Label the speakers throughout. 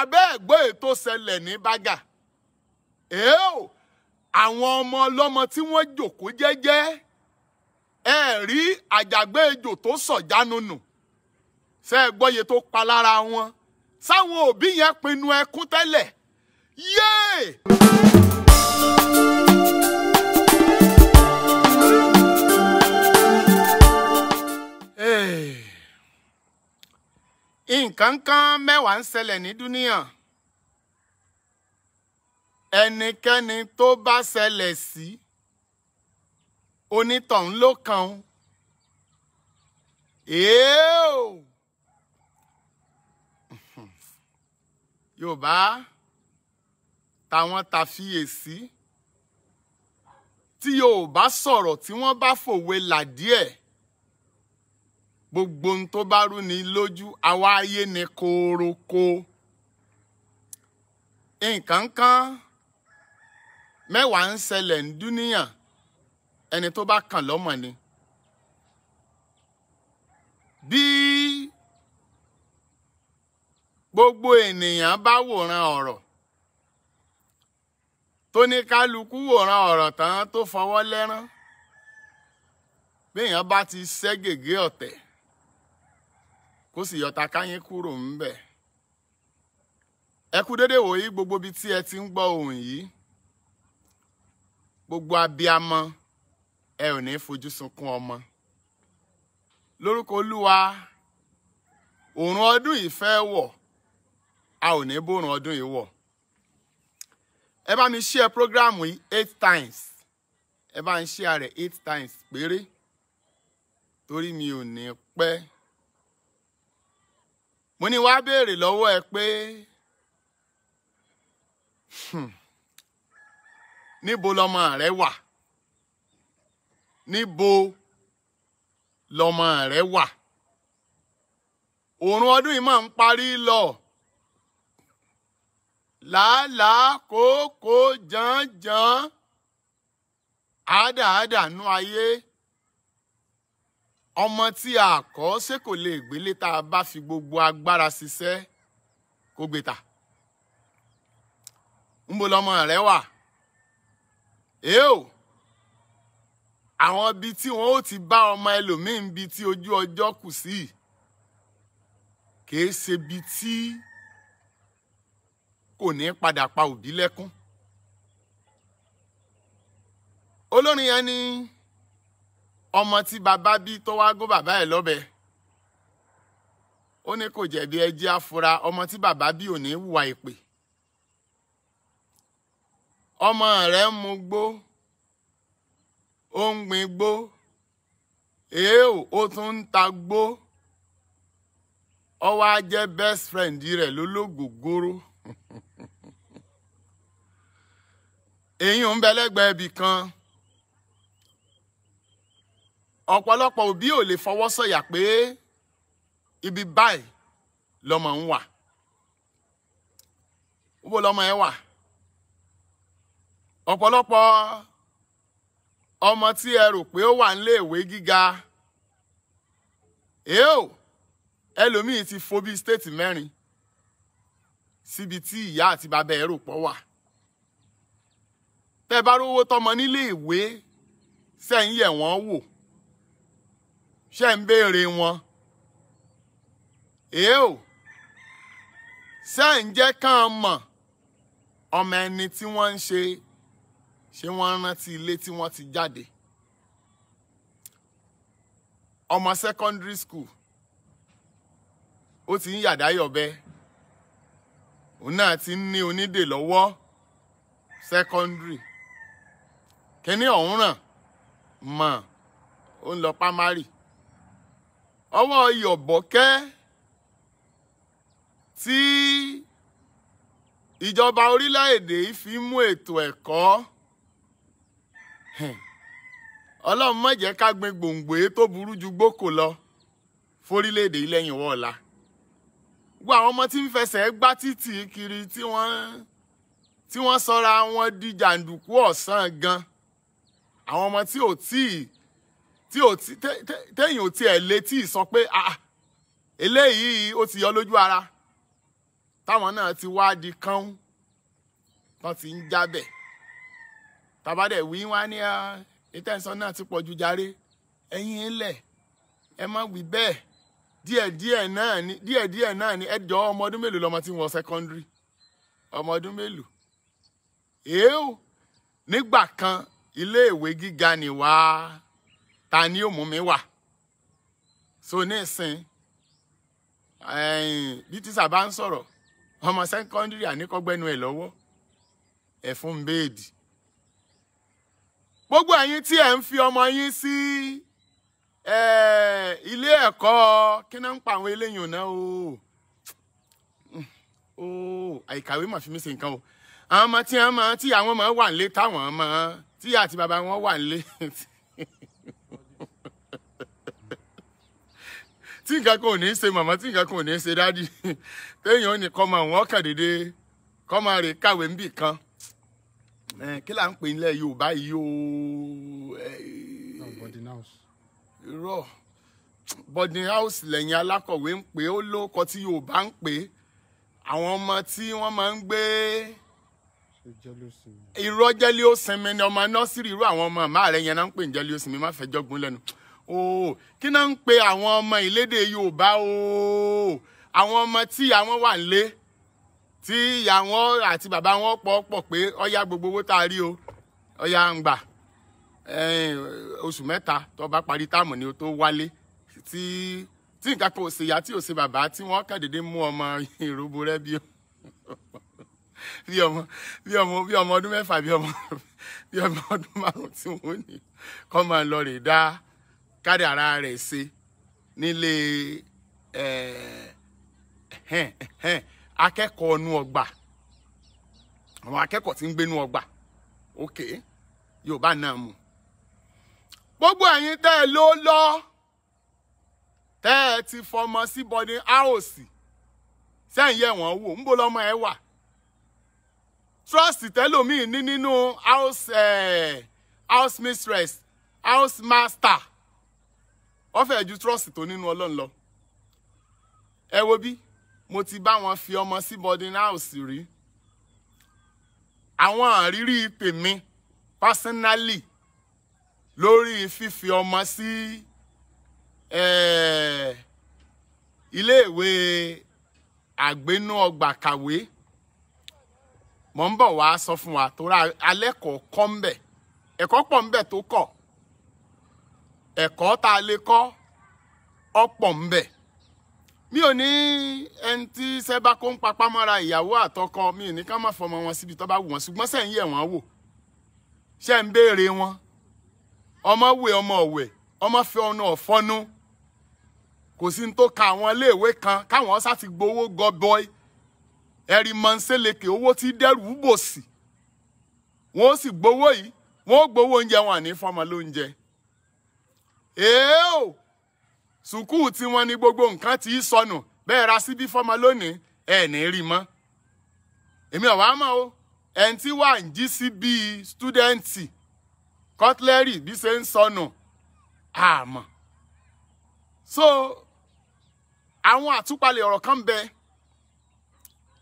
Speaker 1: abẹ́ ẹ̀gbọ́ ètò ṣẹlẹ̀ ní bága èèó àwọn ọmọ ọlọ́mọ tí wọ́n jókòó jẹ́jẹ́ ẹ rí àjàgbé ejò tó sọ̀jánu nù ṣe é gbọ́yè tó pa lára wọn sáwọn òbí yẹn pinnu ẹkún tẹ́lẹ̀ yéè. nǹkan kan mẹ́wàá ń ṣẹlẹ̀ ní dúníyàn ẹnikẹ́ni tó bá ṣẹlẹ̀ sí onítọ̀hún ló kàn án èèó yorùbá táwọn tàfiyèsí tí yorùbá sọ̀rọ̀ tí wọ́n bá fòwe là díẹ̀ gbogbo ohun tó bá rú ni lójú àwa ayé ni kòròkò nǹkan kan mẹ́wàá ń ṣẹlẹ̀ ń dúníyàn ẹni tó bá kàn lọ́mọ ni bí gbogbo ènìyàn bá wòran ọ̀rọ̀ tó ní kálukú wòran ọ̀rọ̀ tán tó fọwọ́ lẹ́rán béèyàn bá ti ṣẹ́ gègé ọ̀tẹ̀ kó sì yọta káyín kúrò ńbẹ̀ ẹ kú dédé wòyí gbogbo ibi tí ẹ ti ń gbọ́ ohùn yìí gbogbo abiyamọ ẹ ò ní fojú sunkún ọmọ lórúkọ olúwa òòrùn ọdún yìí fẹ́ wọ̀ a ò ní bòòrùn ọdún yìí wọ̀ ẹ bá mi share program yìí eight times ẹ bá ń share rẹ̀ eight times péré torí mi ò ní pẹ́ mo ní wàá béèrè lọ́wọ́ ẹ pé hmm, níbo lọmọ rẹ wà níbo lọmọ rẹ wà òórùn ọdún yìí máa ń parí lọ làálàá kòókòó jàǹjàǹ àádáàádáà nú ayé. No ọmọ tí a kọ́ ṣé kò lè gbélé tá a bá fi gbogbo agbára ṣiṣẹ́ kó gbé ta ńbo lọmọ rẹ wà èèwò àwọn ibi tí wọn ó ti bá ọmọ ẹlòmíín bi tí ojú ọjọ́ kù sí kìí ṣe ibi tí kò ní padà pa òbí lẹ́kún olórin yẹn ni. Yani, ọmọ tí bàbá bí tó wá gún bàbá ẹ̀ lọ́bẹ ó ní kò jẹ̀bi ẹjẹ́ afura ọmọ tí bàbá bí ò ní hùwà ìpè ọmọ rẹ̀ ń mu gbó ó ń gbin gbó èèwò ó tún ń ta gbó ó wá jẹ́ best friend rẹ̀ lólógògóró èyí ń bẹ lẹ́gbẹ̀ẹ́ ibì kan ọ̀pọ̀lọpọ̀ òbí ò lè fọwọ́ sọ̀yà pé ibi báyìí lọmọ ń wà wọ́n lọmọ ẹ wà ọ̀pọ̀lọpọ̀ ọmọ tí ẹ rò pé ó wà nílé ìwé gíga èèó ẹlòmíì ti fò bíi stéètì mẹ́rin síbi tí ìyá àti bàbá ẹ rò pọ̀ wà tẹ́ bá rówó tọmọ nílé ìwé sẹ́yìn yẹ̀ wọ́n wò ṣe ń béèrè wọn èé o ṣe ń jẹ́ kán mọ̀ ọmọ ẹni tí wọ́n ń ṣe ṣé wọ́n rántí ilé tí wọ́n ti jáde ọmọ secondary school ó ti ń yàdáyọ̀bẹ òun náà ti ń ní onídè lọ́wọ́ secondary kíní ọ̀hún ràn mọ̀ ó ń lọ pámárì ọwọ́ yọ̀bọ̀kẹ́ tí ìjọba orílẹ̀-èdè yìí fi mú ètò ẹ̀kọ́ ọlọ́run má jẹ́ ká gbin gbòǹgbò tó burú ju gbókò lọ forílẹ̀-èdè yìí lẹ́yìn ìwọ́ ọ̀la gbogbo àwọn ọmọ tí ń fẹsẹ̀ gbá títì kiri tí wọ́n tí wọ́n sọra wọn di jàǹdùkú ọ̀sán gan àwọn ọmọ tí ò tíì tí ò tí tẹ́yìn ò tiẹ̀ létí sọ pé ah, ah, eléyìí ó ti yọ lójú ara táwọn náà ti wá di kánú tán ti ń jábẹ̀ tàbádẹ̀ wí wá ní ah, ìtẹ̀sán náà ti pọ̀ ju jàre ẹ̀yin ilẹ̀ ẹ má wí bẹ́ẹ̀ díẹ̀díẹ̀ náà ni díẹ̀díẹ̀ náà ni ẹ jọ ọmọ ọdún mélòó lọmọ tí ń wọ sẹ́kọ́ndírì ọmọ ọdún mélòó èèw nígbà kan iléèwé gíga ni wàá ta ni ó mú mi wà so nísìn bí tíṣà bá ń sọ̀rọ̀ ọmọ sẹ́ńkọ́ndírì àníkọ́gbẹ́nu ẹ̀ lọ́wọ́ ẹ̀ fún mbéèdì gbogbo ẹ̀yin tí ẹ̀ ń fi ọmọ yín sí ilé ẹ̀kọ́ kí náà ń pa àwọn eléyìí náà o o àìkàwé mà fi mí ṣe nǹkan o àwọn ọmọ tí àwọn ọmọ tí àwọn ọmọ wà nílé táwọn ọmọ tí àti bàbá wọn tí nǹkan kan ò ní ṣe màmá tí nǹkan kan ò ní ṣe dádì téèyàn ní kọ́ máa wọ́n kàn déédéé kọ́ máa rè kàwé ń bì kan kí là ń pè nílẹ̀ Yorùbá yìí o. irọ́ boarding house lẹ́yìn alákọ̀wé ń pè ó lóko tí Yorùbá ń pè àwọn ọmọ tí wọ́n máa ń gbé irọ́ jẹ́lé ó sinmi ni ọmọ nọ́sírì irú àwọn ọmọ màmá rẹ̀ yẹn náà ń pè ń jẹ́lé ó sinmi má fẹ́ jọ́gbọ́n lẹ́nu o kí náà ń pe àwọn ọmọ ìlédè yorùbá o àwọn ọmọ tí ìyá wọn wà nílé tí ìyá wọn àti bàbá wọn pọ̀ pọ̀ pé ọ̀yá gbogbo owó tá a rí o ọ̀yá ń gbà oṣù mẹ́ta tó bá parí táàmù ni o tó wálé tí tí nǹkan kan ò ṣe ìyá tí ò ṣe bàbá tí wọ́n kàn déédéé mú ọmọ ìrúbo rẹ bí bí ọmọ bí ọmọ bí ọmọ ọdún mẹ́fà bí ọmọ bí ọmọ ọdún márùn-ún tí wọ́n ní kọ́ máa lọ rè dáa kádàrá rẹ̀ ṣe nílé akẹ́kọ̀ọ́ inú ọgbà àwọn akẹ́kọ̀ọ́ tí ń gbénú ọgbà òkè yorùbá náà mu gbogbo ẹ̀yin tẹ́ ẹ ló lọ tẹ́ ẹ ti fọmọ sí boarding house sẹ́yìn yẹ̀ wọ́n wò ń bo lọ́mọ ẹ wà trust tẹ́lòmíì ní nínú house house mistress house master ó fẹ́ ju trust tó nínú ọlọ́run lọ ẹ wo bí mo ti bá wọn fi ọmọ sí boarding house rí àwọn àrírí ìpè mi personally lórí fífi ọmọ sí iléèwé àgbénú ọgbà kàwé mo ń bọ̀ wá sọ fún wa tó ra alẹ́ kọ̀ọ̀kan ń bẹ̀ ẹ̀kọ́ pọ̀ ń bẹ̀ tó kọ̀ ẹ̀kọ́ tá a lè kọ́ ọ̀pọ̀ ń bẹ mi ò ní ẹni tí sẹ́bà kó ń papá mọ́ra ìyàwó àtọkọ mi ò ní ká má fọmọ wọn síbi tó bá wù wọn ṣùgbọ́n sẹ́ ń yẹ̀ wọ́n wò ṣe ń béèrè wọn ọmọ wẹ̀ ọmọ ọ̀wẹ̀ ọmọ fẹ́ ọ̀nà ọ̀fọ́nú kò sí ní tó ka àwọn iléèwé kan káwọn sá ti gbowó gọbọi ẹ̀rí mọ̀nsẹ́lẹ̀kẹ̀ owó tí dẹ́rù bòsì wọ́n sì gbowó yìí wọ́n gbowó oúnjẹ wọn àní fọmọ lóúnjẹ èèó sùkúù tiwọn ni gbogbo nǹkan ti í sọnù bẹ́ẹ̀ ra síbí fọ́mọ lónìí ẹ̀ ní rí mọ́ èmi ọ̀wá mọ́ o ẹni tí wà ń jí sí bíi stúdẹ́ǹtì kọ́tlẹ́rì bí ṣe ń sọnù àmọ́ so àwọn àtúpalẹ̀ ọ̀rọ̀ kan bẹ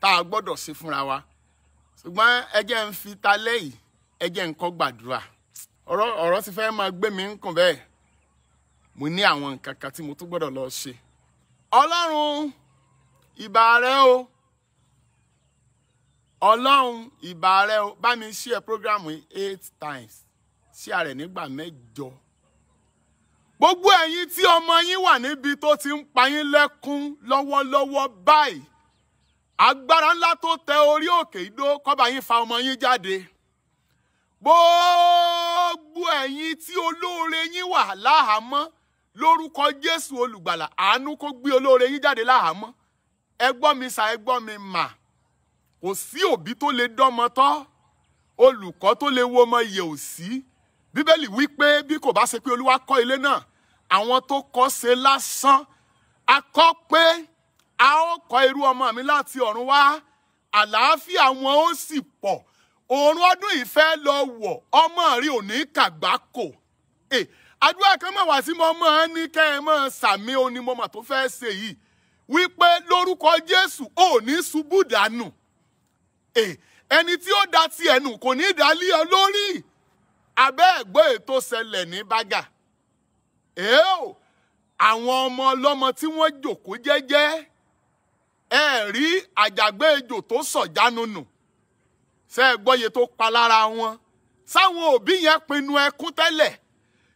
Speaker 1: tá a gbọ́dọ̀ ṣe fúnra wa ṣùgbọ́n ẹ jẹ́ ń fi ta lẹ́yìn ẹ jẹ́ ń kọ́ gbàdúrà ọ̀rọ̀ ti fẹ́ máa gbé mi ń kùn bẹ́ẹ̀ mo ní àwọn nǹkan kan tí mo tún gbọ́dọ̀ lọ ṣe ọlọ́run ìbà rẹ o ọlọ́run ìbà rẹ o bá mi ṣí ẹ program eight times ṣí ààrẹ nígbà mẹ́jọ gbogbo ẹ̀yin tí ọmọ yín wà níbi tó ti ń pa yín lẹ́kún lọ́wọ́lọ́wọ́ báyìí agbára ńlá tó tẹ orí òkè ìdó kọ́ba yín fa ọmọ yín jáde gbogbo ẹ̀yin tí olóore yín wà láhàámọ́ lórúkọ jésù olùgbàlà àánú kó gbé olóore yín jáde láhàámọ́ ẹ mi sa ẹ mi mà kò sí òbí tó lè dọ́mọ tọ́ olùkọ́ tó lè wo ọmọ yẹ̀ ò sí bíbélì wí pé bí kò bá ṣe pé olúwa kọ́ ilé náà àwọn tó kọ́ ṣe lásán a kọ́ pé a ó kọ́ irú ọmọ mi láti ọ̀run wá àlàáfíà wọn ó sì pọ̀ òórùn ọdún yìí fẹ́ lọ wọ̀ ọmọ rí ò kàgbákò àdúrà kan mọ̀ wá sí mo mọ̀ ẹ́ ní kẹ́ ẹ mọ̀ sàmí onímọ̀mọ̀ tó fẹ́ ṣe yìí wípé lórúkọ Jésù ò ní ṣubú dànù ẹni tí ó da ti ẹnu kò ní ìdálé ọ lórí abẹ́ ẹ̀gbọ́n ètò ṣẹlẹ̀ ní bága èèó àwọn ọmọ ọlọ́mọ tí wọ́n jòkó jẹ́jẹ́ ẹ rí àjàgbé ejò tó sọ̀jánu nù ṣe é gbọ́yè tó pa lára wọn sáwọn òbí yẹn pinnu ẹkún tẹ́lẹ̀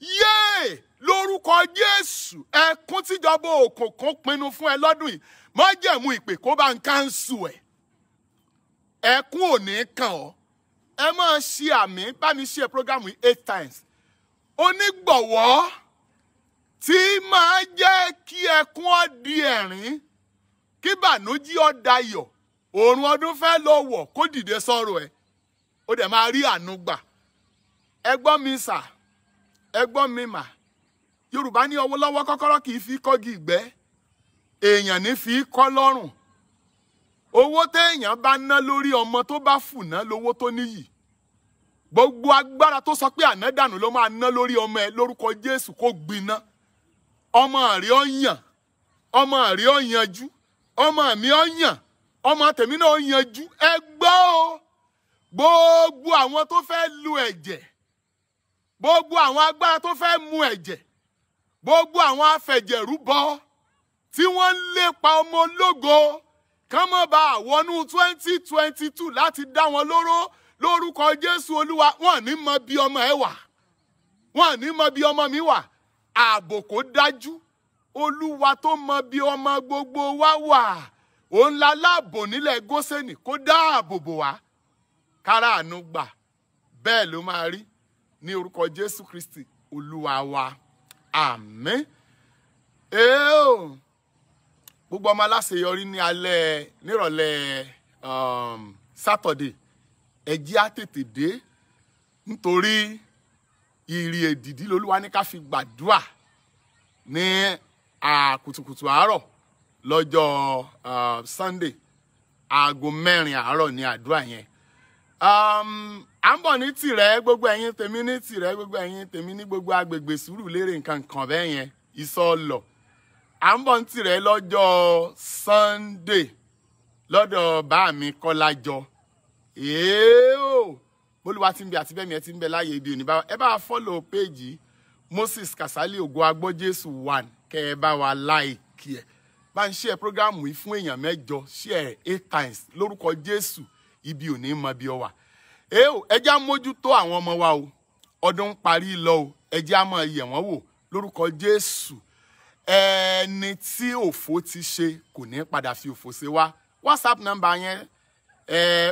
Speaker 1: yéè lórúkọ jésù ẹkún tíjọba òkùnkùn pinnu fún ẹ lọ́dún yìí májẹ̀mú ìpè kó bá ń káńsù ẹ̀ ẹkún ò ní kàn ọ́ ẹ máa ṣe àmì bá mi ṣe program yìí eight times onígbọ̀wọ́ tí máa jẹ́ kí ẹkún ó di ẹ̀rín kí bànújí ó dayọ̀ òòrùn ọdún fẹ́ lọ wọ̀ kó dìde sọ̀rọ̀ ẹ̀ ó dẹ̀ máa rí àánú gbà ẹ gbọ́ mi sà. ẹgbọ́n mi mà yorùbá ní ọwọ́ lọ́wọ́ kọ́kọ́rọ́ kì í fi kọ́gi ìgbẹ́ èèyàn ní fi kọ́ lọ́rùn owó téèyàn bá ná lórí ọmọ tó bá fùná lówó tó níyì gbogbo agbára tó sọ pé ànádànù ló máa ná lórí ọmọ ẹ lórúkọ jésù kó gbiná ọmọ rí ọ ọmọ rí ọ yanjú ọmọ mi ọ ọmọ tèmi náà yanjú ẹ gbọ́ o gbogbo àwọn tó fẹ́ lu ẹ̀jẹ̀. gbogbo àwọn agbára tó fẹ́ mu ẹ̀jẹ̀ gbogbo àwọn afẹ̀jẹ̀rúbọ tí wọ́n ń lépa ọmọ ológo kán mọ́ bá àwọnú twenty twenty two láti dá wọn lóró lórúkọ jésù olúwa wọn ní mọ bí ọmọ ẹ wà wọn ní mọ bí ọmọ mi wà ààbò kò dájú olúwa tó mọ bí ọmọ gbogbo wa wà òun la láàbò nílẹ̀ gósẹ́nì kó dáàbò bò wá kára àánú gbà bẹ́ẹ̀ ló máa rí ní orúkọ jésù kristi olúwa wa àmín èèó gbogbo ọmọ aláṣeyọrí ní alẹ́ nírọ̀lẹ́ um, sátọ̀dẹ̀ ẹ jẹ́ á tètè dé nítorí ìrì èdìdí lolúwa ní ká fi gbàdúà ní àkùtùkùtù àárọ̀ lọ́jọ́ sunday aago mẹ́rin àárọ̀ ní àdúrà yẹn. Um, à ń bọ̀ ní tìrẹ gbogbo ẹ̀yin tèmi ní tìrẹ gbogbo ẹ̀yin tèmi ní gbogbo agbègbè sùúrù lérè nǹkan kan bẹ́ẹ̀ yẹn ìsọlọ à ń bọ̀ ní tìrẹ lọ́jọ́ Sunday lọ́dọ̀ bá mi kọ́lájọ èèó bólúwa ti ń bẹ àti bẹ́ẹ̀ mi ẹ ti ń bẹ láàyè ibi òní báwa ẹ bá fọ́lọ̀ péjì Moses Kasali ògo agbọ́jésù one kẹ́ ẹ bá wa láìkì ẹ̀ bá ń ṣe programu yìí fún èèyàn mẹ́jọ ṣe ẹ̀ eight times lórúkọ Jésù ibi òní mọ bí ọ wà ẹ ò ẹjẹ́ á mójútó àwọn ọmọ wa o ọdún parí lọ o ẹjẹ́ á máa yẹ̀ wọ́n wò lórúkọ Jésù ẹni tí òfò ti ṣe kò ní padà fi òfò ṣe wá WhatsApp number, yẹn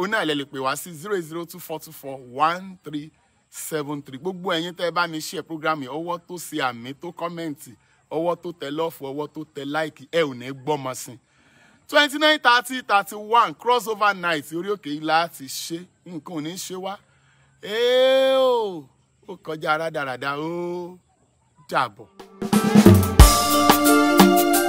Speaker 1: oní àlẹ́ lè pè wá sí zero zero two four two four one three seven three gbogbo ẹ̀yin tẹ́ ẹ bá mi share program yìí ọwọ́ tó ṣe àmì tó kọ́mẹ̀ǹtì ọwọ́ tó tẹ lọ́ọ̀fù ọwọ́ tó tẹ láìkì ẹ ò ní gbọ́mọ sí i twenty nine thirty thirty one crossover night orí òkè ilá ti ṣe nǹkan ò ní ṣe wá ó kọjá rádaràda ó dàbọ̀. thank you